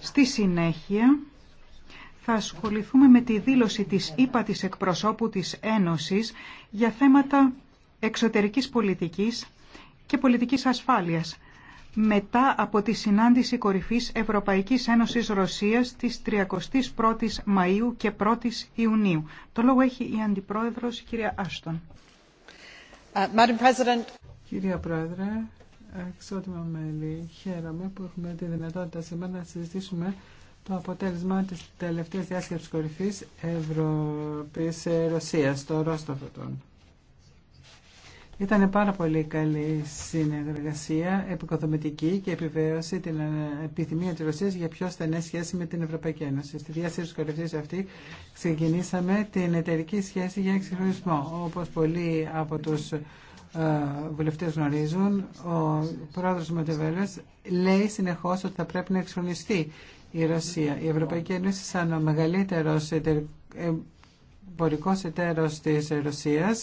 Στη συνέχεια θα ασχοληθούμε με τη δήλωση της ΥΠΑ της εκπροσώπου της Ένωσης για θέματα εξωτερικής πολιτικής και πολιτικής ασφάλειας μετά από τη συνάντηση κορυφής Ευρωπαϊκής Ένωσης Ρωσίας της 31ης Μαΐου και 1ης Ιουνίου. Το λόγο έχει η Αντιπρόεδρος κυρία Άστον. Uh, κυρία Πρόεδρε, Αξιότιμα μέλη, χαίρομαι που έχουμε τη δυνατότητα σήμερα να συζητήσουμε το αποτέλεσμα της τελευταίας διάσκεψης κορυφής Ευρωπής ε, Ρωσίας, το Ρώστοφετον. Ήταν πάρα πολύ καλή συνεργασία, επικοδομητική και επιβέωση την ε, επιθυμία της Ρωσίας για πιο στενέ σχέση με την Ευρωπαϊκή Ένωση. Στη διάσκεψη της αυτή ξεκινήσαμε την εταιρική σχέση για εξυγχρονισμό. Όπως πολλοί από τους ε, βουλευτές γνωρίζουν, ο πρόεδρος Μοντεβέλες λέει συνεχώ ότι θα πρέπει να εξονιστεί η Ρωσία. Η Ευρωπαϊκή Ένωση σαν ο μεγαλύτερος ε, εμπορικό εταίρο τη Ρωσία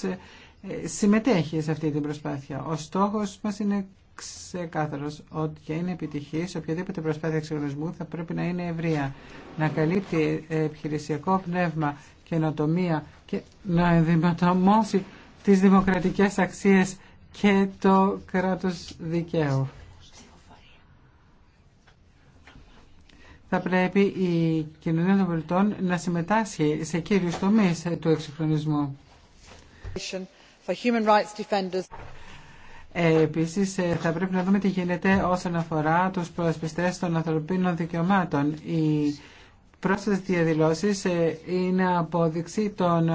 ε, συμμετέχει σε αυτή την προσπάθεια. Ο στόχος μας είναι ξεκάθαρος ότι για είναι επιτυχής οποιαδήποτε προσπάθεια εξοργανισμού θα πρέπει να είναι ευρεία, να καλύπτει επιχειρησιακό πνεύμα, καινοτομία και να ενδυματωμώσει τις δημοκρατικές αξίες και το κράτος δικαίου. Θα πρέπει η κοινωνία των πολιτών να συμμετάσχει σε κύριους τομείς του εξυγχρονισμού. Ε, Επίση, ε, θα πρέπει να δούμε τι γίνεται όσον αφορά του προασπιστέ των ανθρωπίνων δικαιωμάτων. Οι πρόσθετε διαδηλώσει ε, είναι απόδειξη των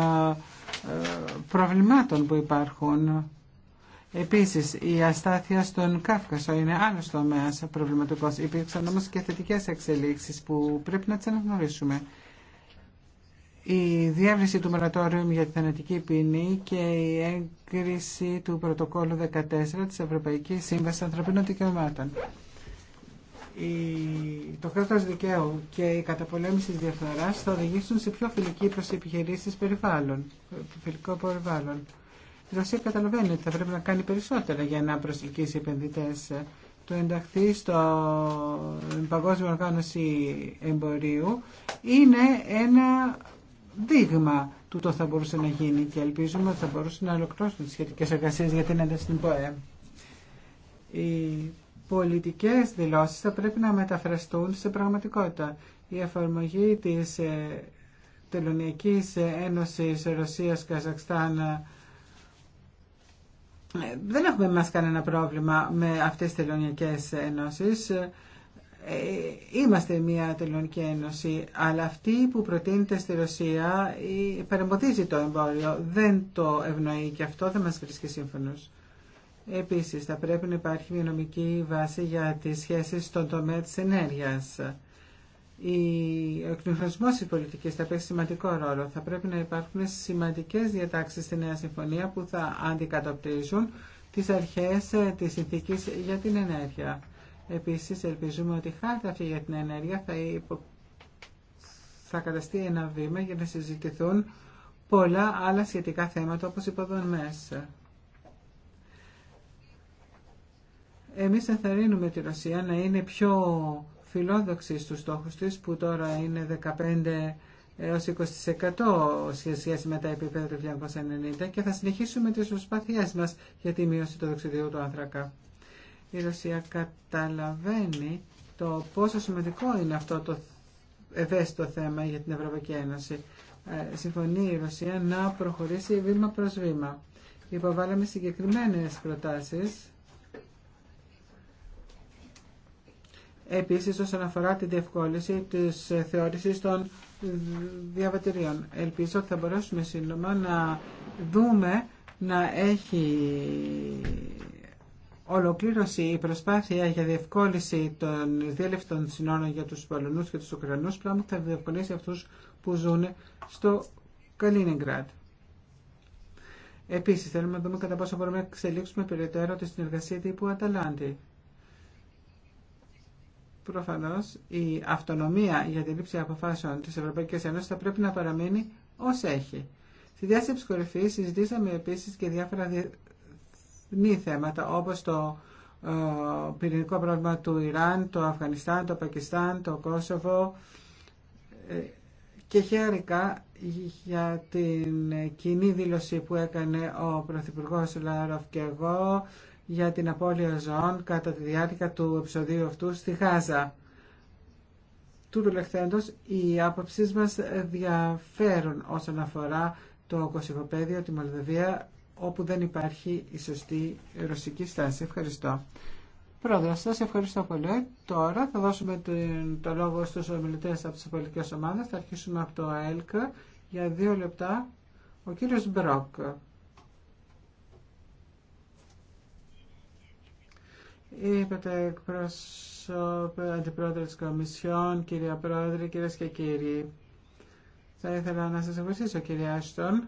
προβλημάτων που υπάρχουν. Επίσης, η αστάθεια στον Κάφκασο είναι άλλος τομέας προβληματικός. Υπήρξαν όμως και θετικές εξελίξεις που πρέπει να τις αναγνωρίσουμε. Η διεύρυνση του μορατόριου για τη θανατική ποινή και η έγκριση του πρωτοκόλλου 14 της Ευρωπαϊκής Σύμβασης Ανθρωπίνων Δικαιωμάτων το κράτο δικαίου και η καταπολέμηση τη διαφθοράς θα οδηγήσουν σε πιο φιλική προς επιχειρήσει περιβάλλον, φιλικό περιβάλλον. Η Ρωσία καταλαβαίνει ότι θα πρέπει να κάνει περισσότερα για να προσελκύσει επενδυτέ, Το ενταχθεί στο Παγκόσμιο Οργάνωση Εμπορίου είναι ένα δείγμα του το θα μπορούσε να γίνει και ελπίζουμε ότι θα μπορούσε να ολοκληρώσουν τις σχετικές εργασίες για την ένταση στην ΠΟΕ. Η πολιτικές δηλώσεις θα πρέπει να μεταφραστούν σε πραγματικότητα. Η εφαρμογή της ε, Τελωνιακής Ένωσης Ρωσίας-Καζακστάν ε, δεν έχουμε μας κανένα πρόβλημα με αυτές τις τελωνιακές ενώσεις. Ε, είμαστε μια τελωνική ένωση, αλλά αυτή που προτείνεται στη Ρωσία παρεμποδίζει το εμπόριο, δεν το ευνοεί και αυτό δεν μας βρίσκει σύμφωνος. Επίση, θα πρέπει να υπάρχει μια νομική βάση για τι σχέσει στον τομέα τη ενέργεια. Ο εκνευρισμό τη πολιτική θα παίξει σημαντικό ρόλο. Θα πρέπει να υπάρχουν σημαντικέ διατάξει στη Νέα Συμφωνία που θα αντικατοπτρίζουν τι αρχέ ε, τη συνθήκη για την ενέργεια. Επίση, ελπίζουμε ότι η χάρτα αυτή για την ενέργεια θα, θα καταστεί ένα βήμα για να συζητηθούν πολλά άλλα σχετικά θέματα όπω υποδομέ. Εμείς ενθαρρύνουμε τη Ρωσία να είναι πιο φιλόδοξη στους στόχους της που τώρα είναι 15 έως 20% σε σχέση με τα επίπεδα του 1990 και θα συνεχίσουμε τις προσπάθειές μας για τη μείωση του δοξιδίου του άνθρακα. Η Ρωσία καταλαβαίνει το πόσο σημαντικό είναι αυτό το ευαίσθητο θέμα για την Ευρωπαϊκή Ένωση. Ε, συμφωνεί η Ρωσία να προχωρήσει βήμα προς βήμα. Υποβάλαμε συγκεκριμένες προτάσεις Επίσης όσον αφορά τη διευκόλυνση της θεώρησης των διαβατηρίων. Ελπίζω ότι θα μπορέσουμε σύντομα να δούμε να έχει ολοκλήρωση η προσπάθεια για διευκόλυνση των διέλευτων συνόρων για τους Πολωνούς και τους Ουκρανούς, πράγμα που θα διευκολύνσει αυτούς που ζουν στο Καλίνιγκραντ. Επίσης, θέλουμε να δούμε κατά πόσο μπορούμε να εξελίξουμε περαιτέρω τη συνεργασία τύπου Αταλάντη. Προφανώ η αυτονομία για τη λήψη αποφάσεων της Ευρωπαϊκής Ένωσης θα πρέπει να παραμείνει ω έχει. Στη διάσκεψη κορυφή συζητήσαμε επίσης και διάφορα διεθνή θέματα όπως το ε, πυρηνικό πρόβλημα του Ιράν, το Αφγανιστάν, το Πακιστάν, το Κόσοβο ε, και χαίρηκα για την κοινή δήλωση που έκανε ο Πρωθυπουργός Λάροφ και εγώ για την απώλεια ζώων κατά τη διάρκεια του επεισοδίου αυτού στη Γάζα. του λεχθέντος, οι άποψεις μας διαφέρουν όσον αφορά το κοσυγοπαίδιο, τη Μολδαβία, όπου δεν υπάρχει η σωστή ρωσική στάση. Ευχαριστώ. Πρόεδρε, σα ευχαριστώ πολύ. Τώρα θα δώσουμε το λόγο στους ομιλητέ από τι πολιτικέ ομάδε. Θα αρχίσουμε από το ΑΕΛΚ για δύο λεπτά. Ο κύριο Μπρόκ. Είπατε εκπρόσωπε, αντιπρόεδρε τη Κομισιόν, κυρία Πρόεδρε, κυρίε και κύριοι. Θα ήθελα να σα ευχαριστήσω κυρία Άστον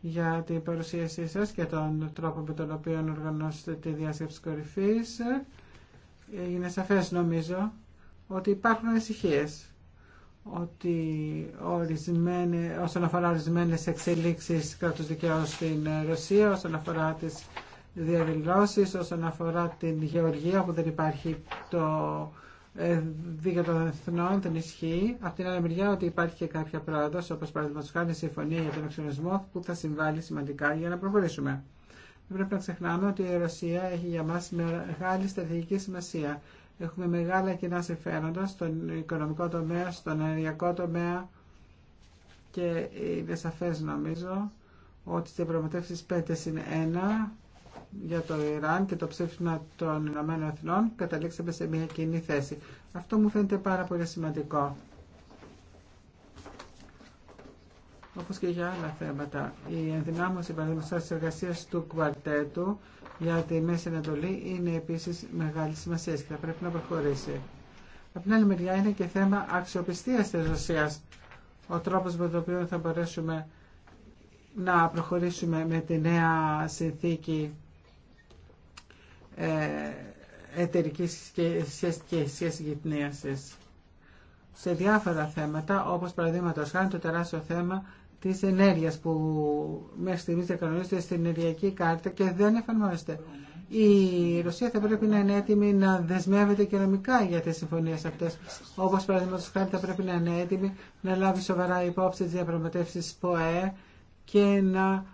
για την παρουσίασή σα και τον τρόπο με τον οποίο οργανώσετε τη διάσκεψη κορυφή. Είναι σαφέ νομίζω ότι υπάρχουν ανησυχίε ότι ορισμένε, όσον αφορά ορισμένε εξελίξεις κράτους δικαίου στην Ρωσία, όσον αφορά τις διαδηλώσεις όσον αφορά την γεωργία που δεν υπάρχει το δίκαιο των εθνών, δεν ισχύει. Από την άλλη μεριά ότι υπάρχει και κάποια πρόοδος, όπως παραδείγματος χάρη συμφωνία για τον εξορισμό που θα συμβάλλει σημαντικά για να προχωρήσουμε. Δεν πρέπει να ξεχνάμε ότι η Ρωσία έχει για μας μεγάλη στρατηγική σημασία. Έχουμε μεγάλα κοινά συμφέροντα στον οικονομικό τομέα, στον ενεργειακό τομέα και είναι σαφές νομίζω ότι οι διαπραγματεύσεις 5 είναι 1 για το Ιράν και το ψήφισμα των Ηνωμένων Εθνών καταλήξαμε σε μια κοινή θέση. Αυτό μου φαίνεται πάρα πολύ σημαντικό. Όπω και για άλλα θέματα, η ενδυνάμωση παραδείγματο τη εργασία του κουαρτέτου για τη Μέση Ανατολή είναι επίση μεγάλη σημασία και θα πρέπει να προχωρήσει. Από την άλλη μεριά είναι και θέμα αξιοπιστία τη Ρωσία, Ο τρόπο με τον οποίο θα μπορέσουμε να προχωρήσουμε με τη νέα συνθήκη ε, εταιρική σχέση και σχέση γυπνίασης σε διάφορα θέματα, όπως παραδείγματο χάρη το τεράστιο θέμα της ενέργειας που μέχρι στιγμής διακανονίζεται στην ενεργειακή κάρτα και δεν εφαρμόζεται. Η Ρωσία θα πρέπει να είναι έτοιμη να δεσμεύεται οικονομικά για τις συμφωνίες αυτές. Όπως παραδείγματο χάρη θα πρέπει να είναι έτοιμη να λάβει σοβαρά υπόψη τις διαπραγματεύσεις ΠΟΕ και να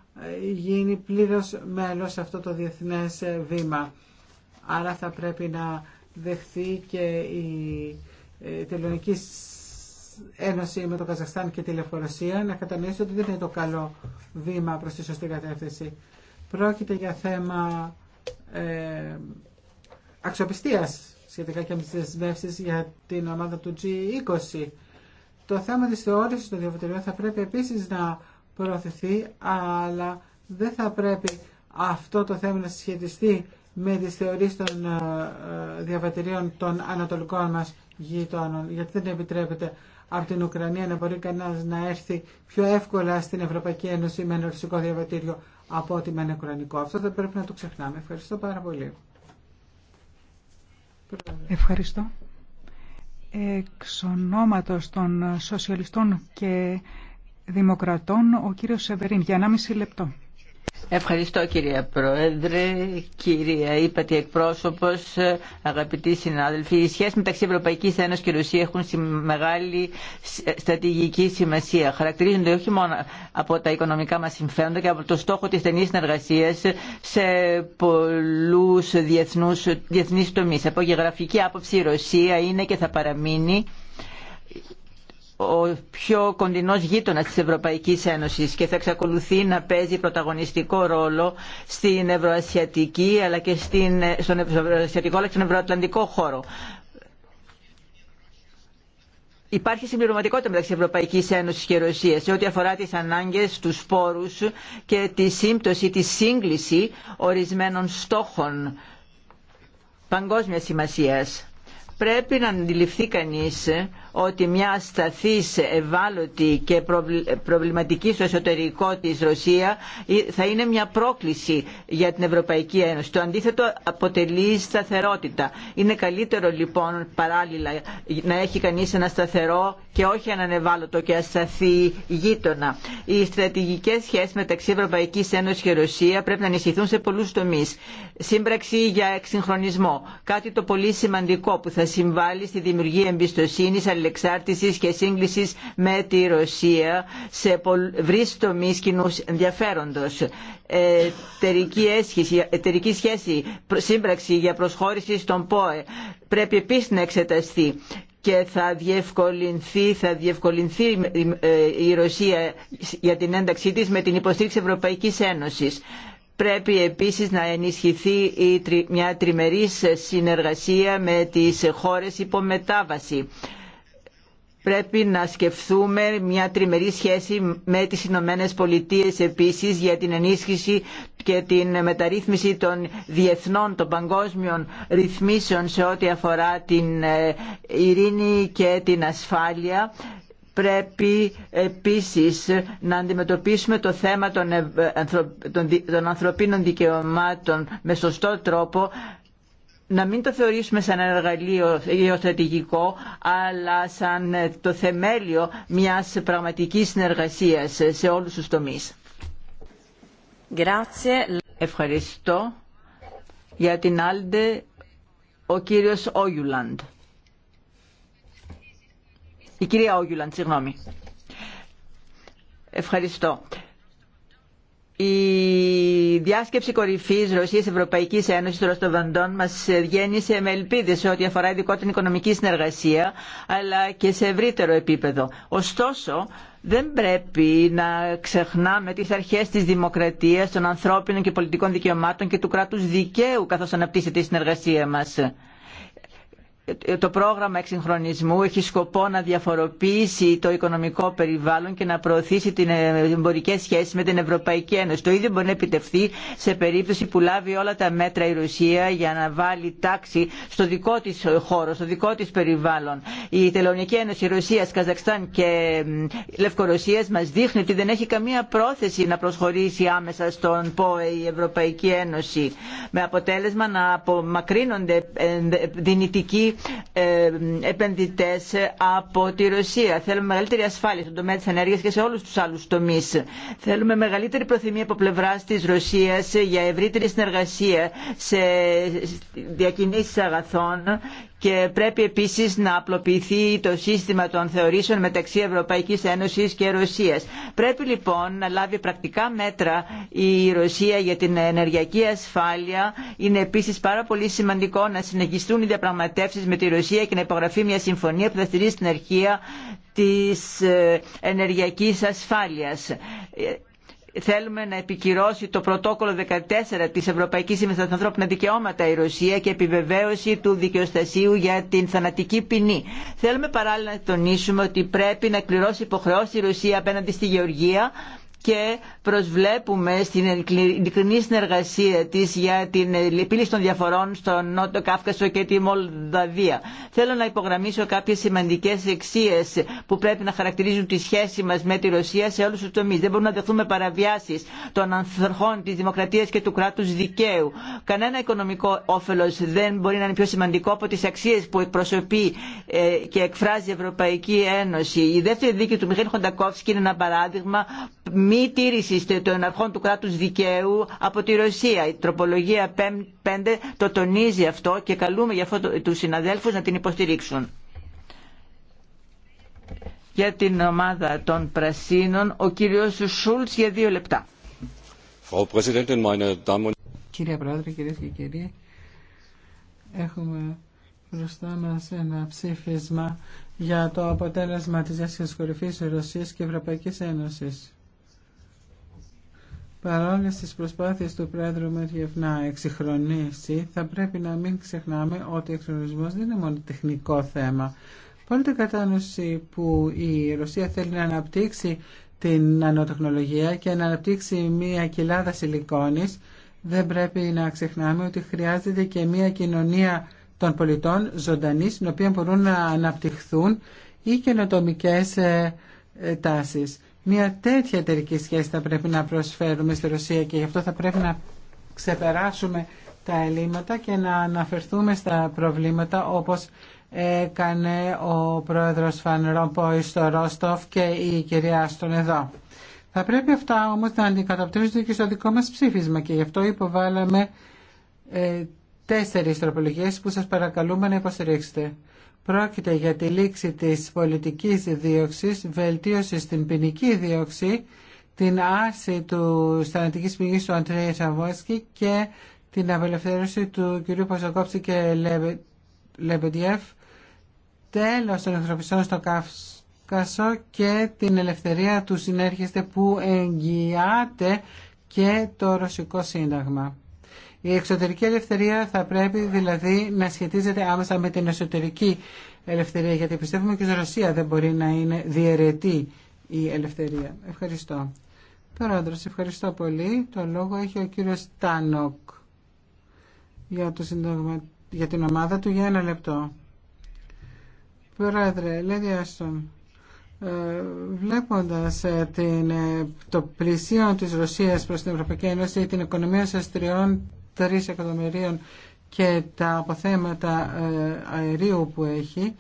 γίνει πλήρως μέλος σε αυτό το διεθνέ βήμα άρα θα πρέπει να δεχθεί και η ε, Τελωνική Ένωση με το Καζαχστάν και τη Λευκορωσία να κατανοήσει ότι δεν είναι το καλό βήμα προς τη σωστή κατεύθυνση. Πρόκειται για θέμα ε, αξιοπιστίας σχετικά και με τις δεσμεύσεις για την ομάδα του G20. Το θέμα της θεώρησης των διαβατηρίων θα πρέπει επίσης να προωθηθεί, αλλά δεν θα πρέπει αυτό το θέμα να συσχετιστεί με τις θεωρίες των ε, ε, διαβατηρίων των ανατολικών μας γειτόνων, γιατί δεν επιτρέπεται από την Ουκρανία να μπορεί κανένα να έρθει πιο εύκολα στην Ευρωπαϊκή Ένωση με ένα ρωσικό διαβατήριο από ότι με ένα ουκρανικό. Αυτό δεν πρέπει να το ξεχνάμε. Ευχαριστώ πάρα πολύ. Ευχαριστώ. Εξ ονόματος των σοσιαλιστών και δημοκρατών, ο κύριος Σεβερίν, για 1,5 λεπτό. Ευχαριστώ κυρία Πρόεδρε, κυρία Ήπατη εκπρόσωπος, αγαπητοί συνάδελφοι. Οι σχέσεις μεταξύ Ευρωπαϊκής Ένωσης και Ρωσία έχουν μεγάλη στρατηγική σημασία. Χαρακτηρίζονται όχι μόνο από τα οικονομικά μας συμφέροντα και από το στόχο της στενής συνεργασίας σε πολλούς διεθνούς, διεθνείς τομείς. Από γεωγραφική άποψη η Ρωσία είναι και θα παραμείνει ο πιο κοντινός γείτονας της Ευρωπαϊκής Ένωσης και θα εξακολουθεί να παίζει πρωταγωνιστικό ρόλο στην ευρωασιατική αλλά και στην, στον ευρωασιατικό αλλά και στον ευρωατλαντικό χώρο. Υπάρχει συμπληρωματικότητα μεταξύ Ευρωπαϊκή Ένωση και Ρωσία σε ό,τι αφορά τι ανάγκε, του πόρου και τη σύμπτωση, τη σύγκληση ορισμένων στόχων παγκόσμια σημασία. Πρέπει να αντιληφθεί κανεί ότι μια σταθής ευάλωτη και προβληματική στο εσωτερικό της Ρωσία ε, θα είναι μια πρόκληση για την Ευρωπαϊκή Ένωση. Το αντίθετο αποτελεί σταθερότητα. Είναι καλύτερο λοιπόν παράλληλα να έχει κανείς ένα σταθερό και όχι έναν ευάλωτο και ασταθή γείτονα. Οι στρατηγικές σχέσεις μεταξύ Ευρωπαϊκής Ένωσης και Ρωσία πρέπει να ενισχυθούν σε πολλούς τομείς. Σύμπραξη για εξυγχρονισμό, κάτι το πολύ σημαντικό που θα συμβάλλει στη δημιουργία εμπιστοσύνης, και σύγκλησης με τη Ρωσία σε βρεις τομεί κοινού ενδιαφέροντος. Εταιρική, έσχυση, σχέση, σύμπραξη για προσχώρηση στον ΠΟΕ πρέπει επίσης να εξεταστεί και θα διευκολυνθεί, θα διευκολυνθεί η Ρωσία για την ένταξή της με την υποστήριξη Ευρωπαϊκής Ένωσης. Πρέπει επίσης να ενισχυθεί μια τριμερής συνεργασία με τις χώρες υπομετάβαση. μετάβαση πρέπει να σκεφτούμε μια τριμερή σχέση με τις Ηνωμένε Πολιτείε επίσης για την ενίσχυση και την μεταρρύθμιση των διεθνών, των παγκόσμιων ρυθμίσεων σε ό,τι αφορά την ε, ειρήνη και την ασφάλεια πρέπει επίσης να αντιμετωπίσουμε το θέμα των ε, ανθρωπίνων δικαιωμάτων με σωστό τρόπο να μην το θεωρήσουμε σαν εργαλείο γεωστρατηγικό, αλλά σαν ε, το θεμέλιο μιας πραγματικής συνεργασίας σε όλους τους τομείς. Ευχαριστώ για την άλλη ο κύριος Όγιουλαντ. Η κυρία Όγιουλαντ, συγγνώμη. Ευχαριστώ. Η η διάσκεψη Ρωσία Ρωσίας-Ευρωπαϊκής Ένωσης του Ροστοβαντών μας γέννησε με ελπίδες σε ό,τι αφορά ειδικό την οικονομική συνεργασία, αλλά και σε ευρύτερο επίπεδο. Ωστόσο, δεν πρέπει να ξεχνάμε τις αρχές της δημοκρατίας, των ανθρώπινων και πολιτικών δικαιωμάτων και του κράτους δικαίου καθώς αναπτύσσεται η συνεργασία μας το πρόγραμμα εξυγχρονισμού έχει σκοπό να διαφοροποιήσει το οικονομικό περιβάλλον και να προωθήσει τι εμπορικέ σχέσει με την Ευρωπαϊκή Ένωση. Το ίδιο μπορεί να επιτευχθεί σε περίπτωση που λάβει όλα τα μέτρα η Ρωσία για να βάλει τάξη στο δικό τη χώρο, στο δικό τη περιβάλλον. Η Τελωνική Ένωση Ρωσία, Καζακστάν και Λευκορωσία μα δείχνει ότι δεν έχει καμία πρόθεση να προσχωρήσει άμεσα στον ΠΟΕ η Ευρωπαϊκή Ένωση. Με αποτέλεσμα να απομακρύνονται ε, ε, δυνητικοί ε, επενδυτές από τη Ρωσία. Θέλουμε μεγαλύτερη ασφάλεια στον τομέα της ενέργειας και σε όλους τους άλλους τομείς. Θέλουμε μεγαλύτερη προθυμία από πλευρά της Ρωσίας για ευρύτερη συνεργασία σε διακινήσεις αγαθών και πρέπει επίσης να απλοποιηθεί το σύστημα των θεωρήσεων μεταξύ Ευρωπαϊκής Ένωσης και Ρωσίας. Πρέπει λοιπόν να λάβει πρακτικά μέτρα η Ρωσία για την ενεργειακή ασφάλεια. Είναι επίσης πάρα πολύ σημαντικό να συνεχιστούν οι διαπραγματεύσει με τη Ρωσία και να υπογραφεί μια συμφωνία που θα στηρίζει την αρχεία της ε, ενεργειακής ασφάλειας ε, θέλουμε να επικυρώσει το πρωτόκολλο 14 της Ευρωπαϊκής Σύμβασης ανθρώπινα δικαιώματα η Ρωσία και επιβεβαίωση του δικαιοστασίου για την θανατική ποινή. Θέλουμε παράλληλα να τονίσουμε ότι πρέπει να κληρώσει υποχρεώσει η Ρωσία απέναντι στη Γεωργία και προσβλέπουμε στην ειλικρινή συνεργασία της για την επίλυση των διαφορών στο Νότο Κάφκασο και τη Μολδαβία. Θέλω να υπογραμμίσω κάποιες σημαντικές εξίε που πρέπει να χαρακτηρίζουν τη σχέση μας με τη Ρωσία σε όλους τους τομείς. Δεν μπορούμε να δεχθούμε παραβιάσεις των ανθρωπών της δημοκρατίας και του κράτους δικαίου. Κανένα οικονομικό όφελος δεν μπορεί να είναι πιο σημαντικό από τις αξίες που εκπροσωπεί ε, και εκφράζει η Ευρωπαϊκή Ένωση. Η δεύτερη δίκη του Μιχαήλ Χοντακόφσκι είναι ένα παράδειγμα μη τήρηση των αρχών του κράτους δικαίου από τη Ρωσία. Η τροπολογία 5 το τονίζει αυτό και καλούμε για αυτό τους συναδέλφους να την υποστηρίξουν. Για την ομάδα των Πρασίνων, ο κύριος Σούλτς για δύο λεπτά. Κύριε Πρόεδρε, κυρίες και κύριοι, έχουμε μπροστά μας ένα ψήφισμα για το αποτέλεσμα της Έσχεσης Κορυφής Ρωσίας και Ευρωπαϊκής Ένωσης. Παρόλες τις προσπάθειες του Πρόεδρου Μέρκεφ να εξυγχρονίσει, θα πρέπει να μην ξεχνάμε ότι ο εξυγχρονισμός δεν είναι μόνο τεχνικό θέμα. Πολύ την κατάνοση που η Ρωσία θέλει να αναπτύξει την νανοτεχνολογία και να αναπτύξει μια κοιλάδα σιλικόνης, δεν πρέπει να ξεχνάμε ότι χρειάζεται και μια κοινωνία των πολιτών ζωντανή, στην οποία μπορούν να αναπτυχθούν οι καινοτομικέ ε, ε, τάσεις. Μια τέτοια εταιρική σχέση θα πρέπει να προσφέρουμε στη Ρωσία και γι' αυτό θα πρέπει να ξεπεράσουμε τα ελλείμματα και να αναφερθούμε στα προβλήματα όπως έκανε ο πρόεδρος Φαν στο Ρόστοφ και η κυρία Άστον εδώ. Θα πρέπει αυτά όμως να αντικατοπτρίζονται και στο δικό μας ψήφισμα και γι' αυτό υποβάλαμε ε, τέσσερις τροπολογίες που σας παρακαλούμε να υποστηρίξετε. Πρόκειται για τη λήξη της πολιτικής δίωξης, βελτίωση στην ποινική δίωξη, την άρση του στρατηγικής ποινής του Αντρέη Σαββόσκη και την απελευθέρωση του κ. Πασοκόψη και Λεμπεντιέφ, τέλος των ανθρωπιστών στο Κάφκασο και την ελευθερία του συνέρχεστε που εγγυάται και το Ρωσικό Σύνταγμα. Η εξωτερική ελευθερία θα πρέπει δηλαδή να σχετίζεται άμεσα με την εσωτερική ελευθερία, γιατί πιστεύουμε και η Ρωσία δεν μπορεί να είναι διαιρετή η ελευθερία. Ευχαριστώ. Πρόεδρος, ευχαριστώ πολύ. Το λόγο έχει ο κύριος Τάνοκ για, το συνταγμα... για την ομάδα του για ένα λεπτό. Πρόεδρε, λέει Άστον, ε, βλέποντας ε, ε, το πλησίον της Ρωσίας προς την Ευρωπαϊκή Ένωση, την οικονομία σας τριών εκατομμυρίων και τα αποθέματα ε, αερίου που έχει,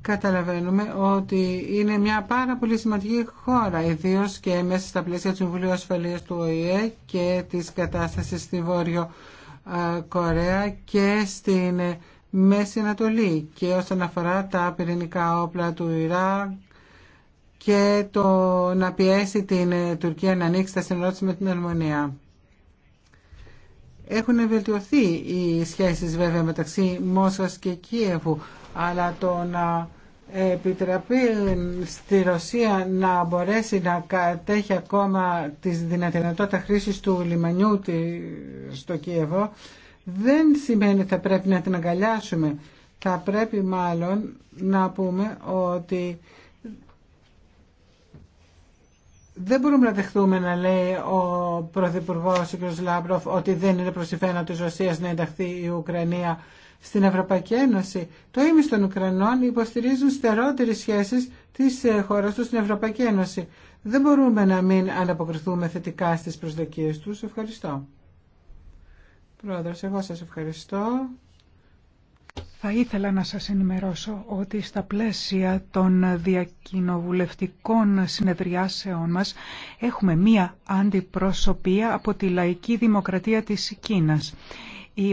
καταλαβαίνουμε ότι είναι μια πάρα πολύ σημαντική χώρα, ιδίω και μέσα στα πλαίσια του Συμβουλίου Ασφαλείας του ΟΗΕ και της κατάστασης στη Βόρειο ε, Κορέα και στην ε, Μέση Ανατολή και όσον αφορά τα πυρηνικά όπλα του Ιράκ και το να πιέσει την Τουρκία να ανοίξει τα με την Αλμονία. Έχουν βελτιωθεί οι σχέσεις βέβαια μεταξύ Μόσχας και Κίεβου, αλλά το να επιτραπεί στη Ρωσία να μπορέσει να κατέχει ακόμα τη δυνατότητα χρήσης του λιμανιού στο Κίεβο δεν σημαίνει ότι θα πρέπει να την αγκαλιάσουμε. Θα πρέπει μάλλον να πούμε ότι δεν μπορούμε να δεχθούμε να λέει ο Πρωθυπουργό ο κ. Λάμπροφ ότι δεν είναι προ τη τη Ρωσία να ενταχθεί η Ουκρανία στην Ευρωπαϊκή Ένωση. Το ίμιση των Ουκρανών υποστηρίζουν στερότερε σχέσει τη ε, χώρα του στην Ευρωπαϊκή Ένωση. Δεν μπορούμε να μην ανταποκριθούμε θετικά στι προσδοκίε του. Ευχαριστώ. Πρόεδρος, εγώ σα ευχαριστώ. Θα ήθελα να σας ενημερώσω ότι στα πλαίσια των διακοινοβουλευτικών συνεδριάσεων μας έχουμε μία αντιπροσωπεία από τη Λαϊκή Δημοκρατία της Κίνας.